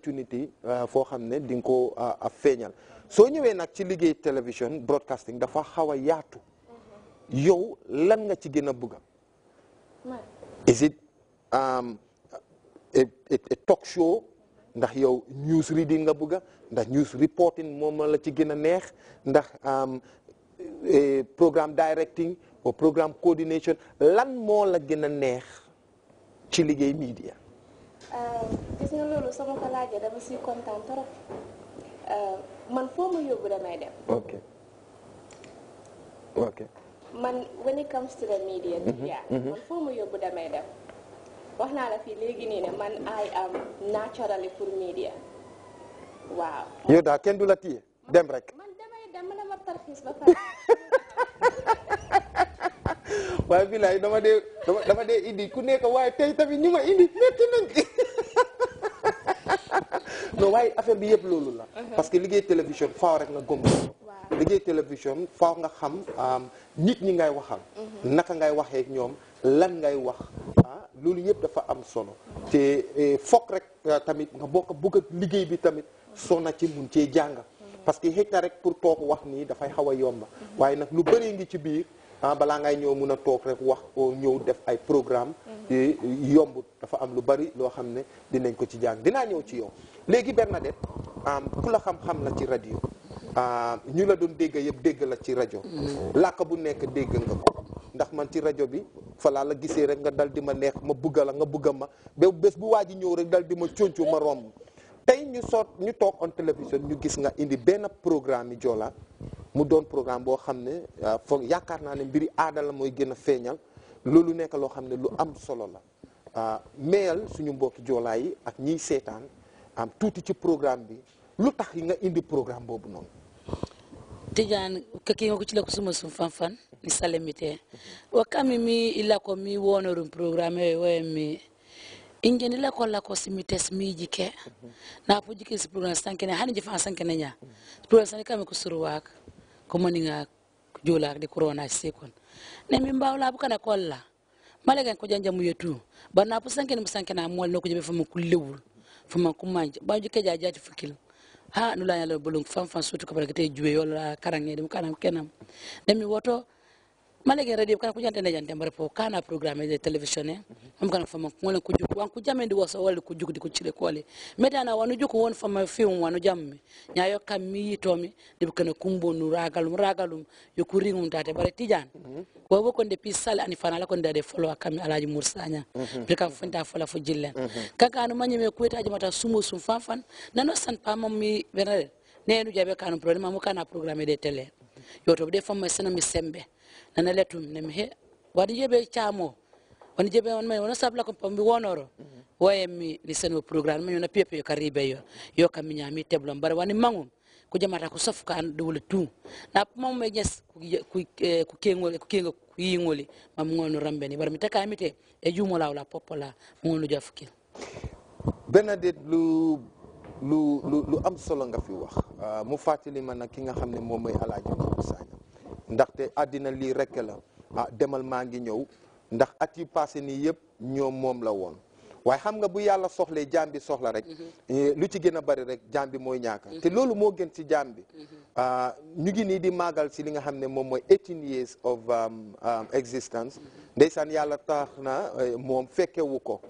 opportunité euh, foo xam ne di nga ko euh, feeñal soo ñëwee nag ci liggéey télévision broadcasting dafa xaw a yaatu yow lan nga ci gën a bëgg is it um, talk show ndax yow news reading nga bëgg ndax news reporting moom la ci gën a neex ndax um, programme directing ou programme coordination lan moo la gën a neex ci liggéey media Eh, gis nga loolu sama ko laajee dama siy kontaan trop eh, man foo ma yóbbu damay dem. ok ok. man when it comes to the media. yeah mhm, mhm. man foo ma yóbbu damay dem. wax naa la fii léegi nii ne man I am naturally for media waaw. yow daal kenn du la téye dem rek. man damay dem dama tarxiis ba pare. waaye bilaay dama dee dama dee indi ku nekk waaye tey tamit ñu ma indi métti nañ non waaye affaire bi yëpp loolu la. Uh-huh. parce que liggéey télévision faaw rek nga gëm. liggéey télévision faaw nga xam nit ñi ngay waxal. Uh-huh. naka ngay waxee ñoom lan ngay wax ah loolu yëpp dafa am solo. te e, foog rek ah, tamit nga bokk bëgg liggéey bi tamit sonna ci mun cee jàng. Uh-huh. parce que xëj rek pour toog wax nii dafay xaw a yomb waaye nag lu bëri ngi ci biir. ah bala ngay ñëw mëna tok rek wax ko ñëw def ay programme mhm. eh, yombut dafa am lu bari lo xamne dinañ ko ci jàng dina ci yow Bernadette ku la xam-xam la ci radio ah, ñu la doon dégg yeb dégg la ci radio mhm. làkk bu nekk dégg nga ko ndax man ci radio bi fa la gisee rek nga dal di ma neex ma bugga la nga bëgg ma bes bu waji ji rek dal di ma cioncu ma rom tay ñu sot ñu tok on télévision ñu gis nga indi ben programme jola mu doon programme boo xam ne euh, foog yaakaar naa ne mbiri aada la mooy gën a feeñal loolu nekk loo xam ne lu am solo la euh, meyal suñu mbokki joolaa yi ak ñiy seetaan am tuuti ci programme bi lu tax yi nga indi programme boobu noonu tijan kakinga kuchila kusuma sumfanfan ni salemite wakami mi ilako mi wonorum programme wewe mi injeni lako lako simites mi jike mhm. na apo jike si programme sankene hani jifan sankene nya programme sankene kame kusuruwaka komoninga jula di corona sekon ne mi mbawla bu kana kolla malegan ko janja mu yetu bana pu sanke ni sanke na mol noko jebe fama kullewul fama kumanja baju ke jaja ti fukil ha nula yalo bulung fam fam sutu ko barkete juwe yola karange dum kanam kenam mi woto malege radio kana kuja tende jande mare po kana programme de television ne eh? am mhm. kana fama ngole kuju wan kujame ndi waso wal kuju di kuchire kole meda na wanu juko won fama film wanu jamme nyayo kammi tomi de kana kumbo nu ragalum ragalum yo kuringum tate bare tijan ko mhm. bo konde pisal ani fana la konde de follow kam alaji mursanya be ka fanta fola fo jillen mhm. kaka anu manyeme kueta jumata sumo sum fafan nano san pamami benare nenu jabe kanu problema amu kana programme de télé yoto bide fomo sene misembe sembe nana letum ne mi he wadi jebe chamo wani jebe wana wana sabla kwa pambi wonoro mhm. wae mi ni program programme mi na pepe karibe yo yo kam mi nyami wani mangu kuja mara kusofu ka an dole tu na apu mamu nyes ku eh, ku kengol ku kengo rambe ni bar mitaka amite e jumo lawla popola mo jafukil benedict lu lu lu lu am solo nga fi wax euh, mu fàttali ma nag ki nga xam ne moom mooy alaaji Mamadou Sagne ndaxte àddina lii rekk la ah, demal maa ngi ñëw ndax at yi passé nii yëpp ñoom moom la woon waaye xam nga bu yàlla soxlee jaam soxla rek mhm. eh, lu ci gën a bari rek jaam mooy ñaaka mhm. loolu moo gën ci jaam bi mhm. ah, ñu ngi nii di màggal si li nga xam ne moom mooy eighteen years of um, um, existence ndeysaan yàlla tax na eh, moom fekkewu ko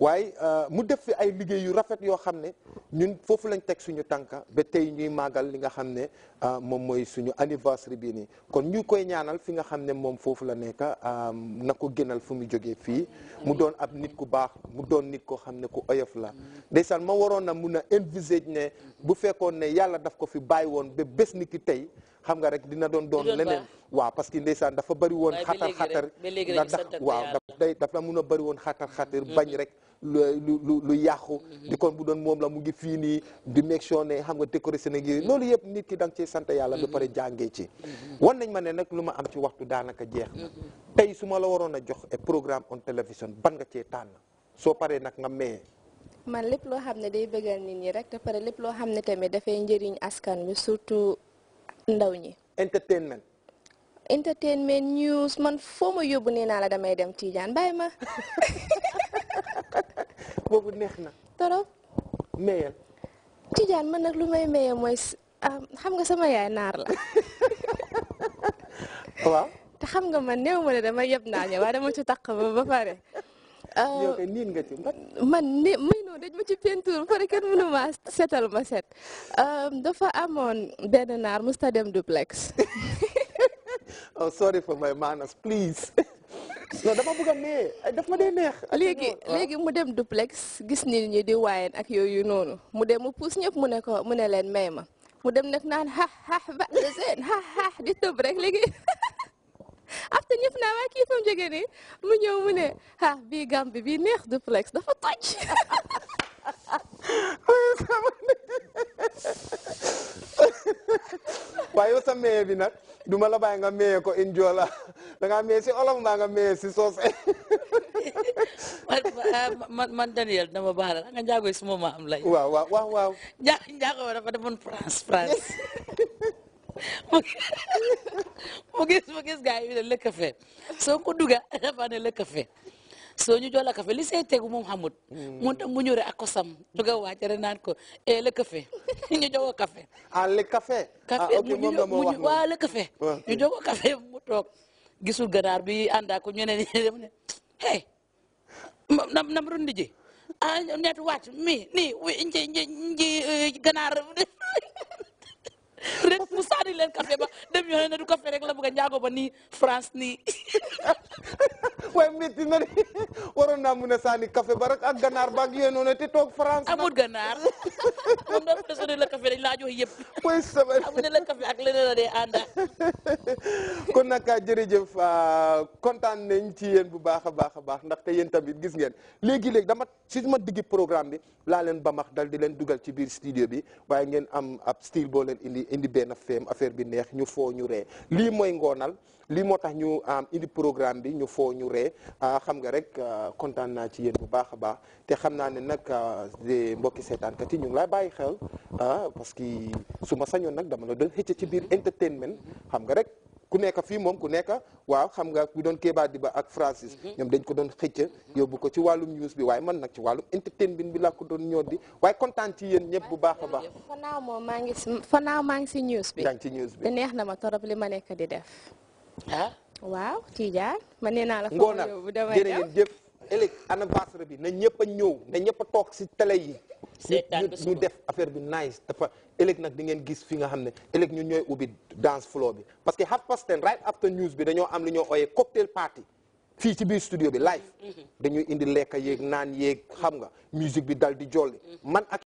waaye euh, mu def fi ay liggéey yu rafet yoo xam ne ñun foofu lañ teg suñu tànka ba tey ñuy màggal li nga xam ne euh, moom mooy suñu anniversaire bii nii kon ñu koy ñaanal fi nga xam ne moom foofu la nekk euh, na ko gënal fu mu jógee fii mu doon ab nit ku baax mu doon nit koo xam ne ku oyof la ndeysaan ma waroon na mun a envisage ne bu fekkoon ne yàlla daf ko fi bàyyi woon ba bés ni ki tey xam nga rek dina doon doon leneen waaw parce que ndeysaan dafa bari woon xatar xatar day daf la mun a bëri woon xatar xatar mm-hmm. bañ rek lu lu lu yàqu mm-hmm. di kon bu doon moom la mu ngi fii nii di meeg ne xam nga décoré Sénégal loolu yëpp nit ki da nga cee sant yàlla ba pare mm-hmm. jàngee ci wan nañ ma ne nag lu ma am ci waxtu daanaka jeex na tey su la waroon a jox programme on télévision ban nga cee tànn soo paree nag nga mayee man lépp loo xam ne day bëggal nit ñi rek da pare lépp loo xam ne tamit dafay njëriñ askan wi surtout ndaw ñi entertainment entertainment news man foo ma yóbbu nee naa la damay dem Tijaan bàyyi ma. boobu neex na. torop. meyal. Tijaan man nag lu may meye mooy xam nga sama yaay naar la. waaw. te xam nga man néew ma ne dama yeb naa ñëw waaye dama ci taq ba ba pare. Euh, nga ci man ne may noo daj ma ci peinture pare kenn mënu ma setal ma set. Euh, dafa amoon benn naar musta dem duplex. oh sorry for my manners please. non dama bëgg a nee ma dee neex. léegi léegi mu dem duplex gis nit ñi di waayeen ak yooyu noonu mu dem mu puus ñëpp mu ne ko mu ne leen may ma mu dem nag naan ha ha ba seen ha ha di tëb rek léegi. after ñëpp naa waa kii fa mu nii mu ñëw mu ne ah bii Gambie bii neex duplex dafa toj. waaye yow sa bi nag. duma la bàyyi nga meeyee ko in joola da ngaa si olof mbaa nga meeyee si soose ah, man man Daniel dama baala nga njaagoy suma ma am lay waaw waaw waaw waaw njaa njaago dafa demoon France France mu gis mu gis gars yi ne le café soo ko duga dafa ne le café soo ñu jox la li see tegu moom xamut hmm. mu tam a ñëwee ak ko sam duga naan ko e le café ñu jox ko café ah le ah, mu waa le café ñu jox ko café mu toog gisul ganaar bi ànd ñu ne nii dem nam nam rundi net ah, wàcc mi nii nji nji nji eh, ganaar ren mu saani leen ba dem ñu ne du café rek la bëgg a njaago ba nii France nii waaye métti na de waroon naa mun a sànni café ba rek a ganaar ba ak yéen noonu te toog France. amul ganaar moom dafa des ne la café dañ laa jox mooy semaine amul ne la café ak leneen la day ànda. kon nag ah, jërëjëf ah, kontaan nañ ci yéen bu baax a baax a baax ndax te yéen tamit gis ngeen léegi léeg dama si ma diggi programme bi laa leen bamax dal di leen dugal ci biir studio bi waaye ngeen am ab style boo leen indi indi benn feem affaire bi neex ñu foo ñu ree lii mooy ngoonal lii moo tax ñu am ah, indi programme bi ñu foo ah xam nga rek ah, kontaan na ci yeen bu baax ba baax te xam naa ne nag ah, mbokki seetaankat ñu lay laa xel ah parce que suma sañon nak dama la doon xëcc ci bir entertainment xam nga rek ku nekk fi mom ku nekk waaw xam nga ku doon Kéba Diba ak Francis mhm. ñom dañ ko doon xëcc yóbbu ko ci walum news bi waye man nak ci walum entertainment bi la ko doon ñoddi waye waaye ci yeen ñepp bu baax ba fanaw mo moom maa ngi fanaaw maa ngi news bi dañ ci news bi neex na ma torop li ma nekk di def ah? waaw ci jaar nee naa la. ngoona jërë ngeen jëf ëllëg anniversaire bi na ñëpp ñëw na ñëpp toog si tele yi. ñu def affaire bi nice dafa ëllëg nag di ngeen gis fi nga xam ne ëllëg ñu ñooy ubbi dance floor bi parce que half past ten right after news bi dañoo am lu ñoo ooyee cocktail party fii ci biir studio bi live mm-hmm. dañuy indi lekk yéeg naan yéeg xam nga musique bi dal di jolli mm-hmm. man ak